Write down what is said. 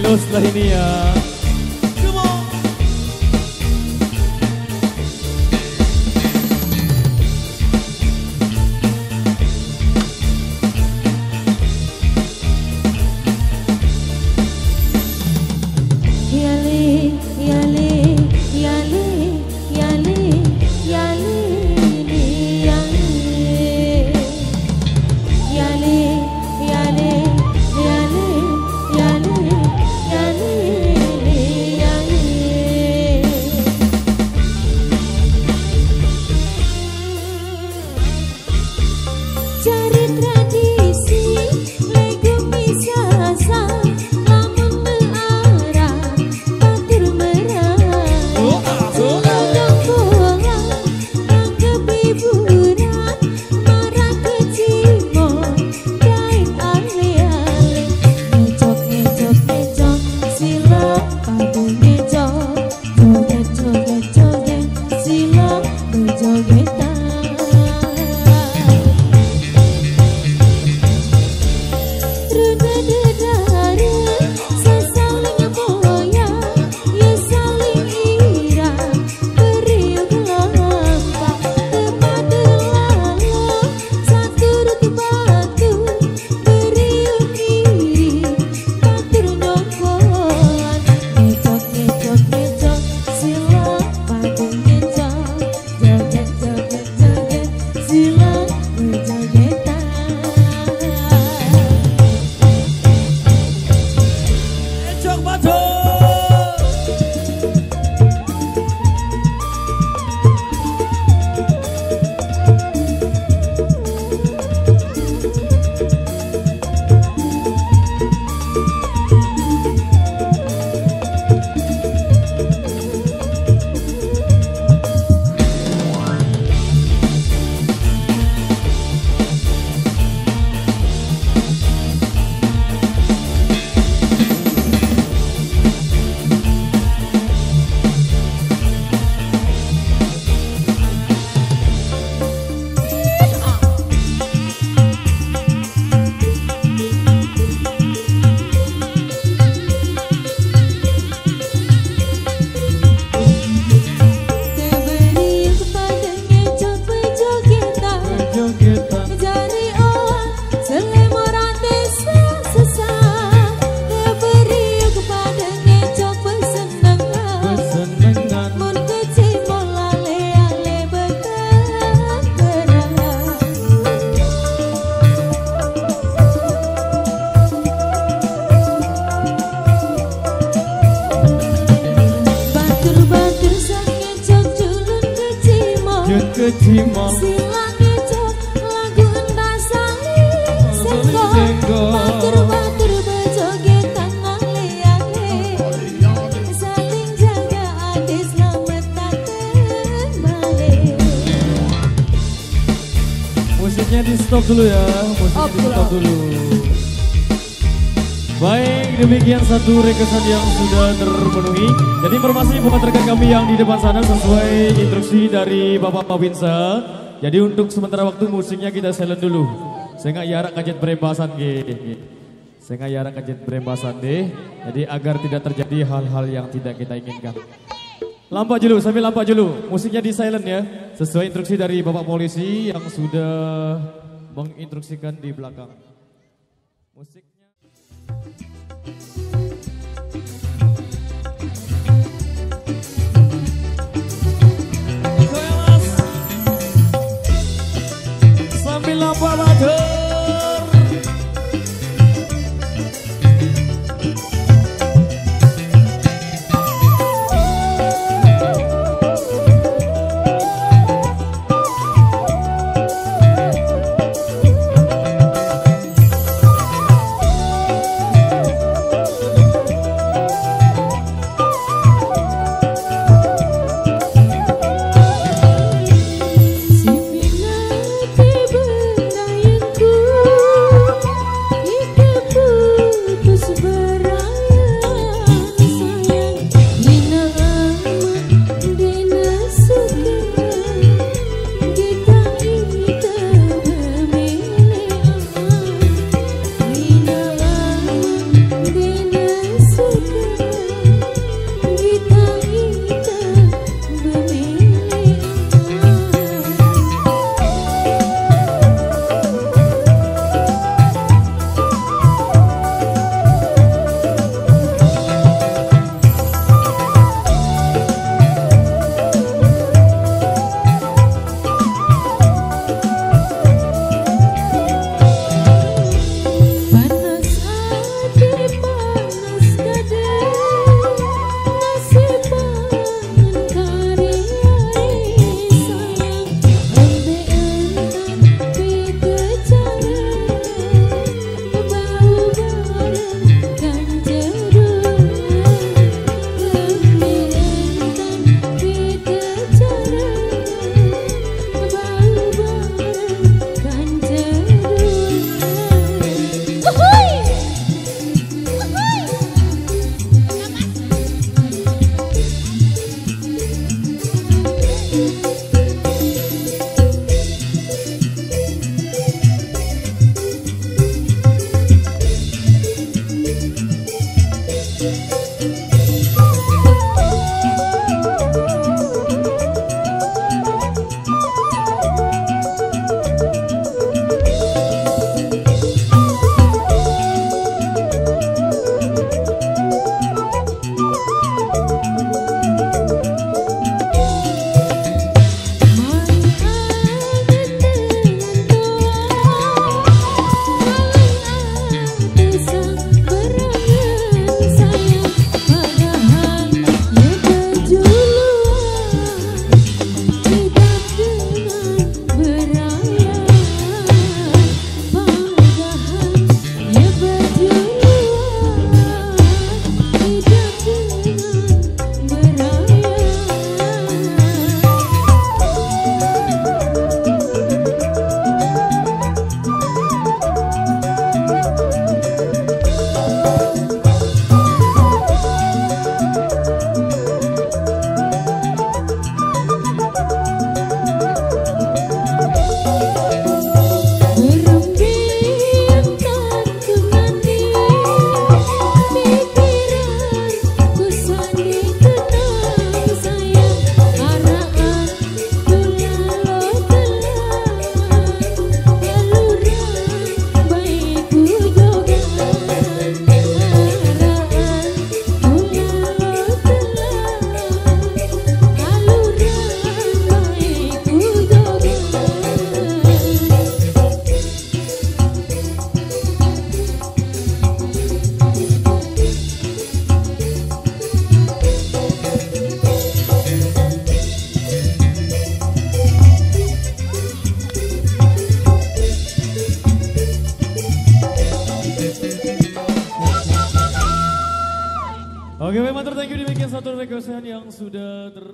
Los Lahinia. Cimo lagu sekolah Saling jaga selamat balik Musiknya di stop dulu ya Musiknya di stop dulu Baik, demikian satu rekesan yang sudah terpenuhi. Jadi informasi buat rekan kami yang di depan sana sesuai instruksi dari Bapak Pawinsa. Jadi untuk sementara waktu musiknya kita silent dulu. Saya nggak yarak kajet berembasan. gitu. Saya nggak yarak kajet berembasan deh. Jadi agar tidak terjadi hal-hal yang tidak kita inginkan. Lampak dulu, sambil lampak dulu. Musiknya di silent ya. Sesuai instruksi dari Bapak Polisi yang sudah menginstruksikan di belakang. Musik persen yang sudah ter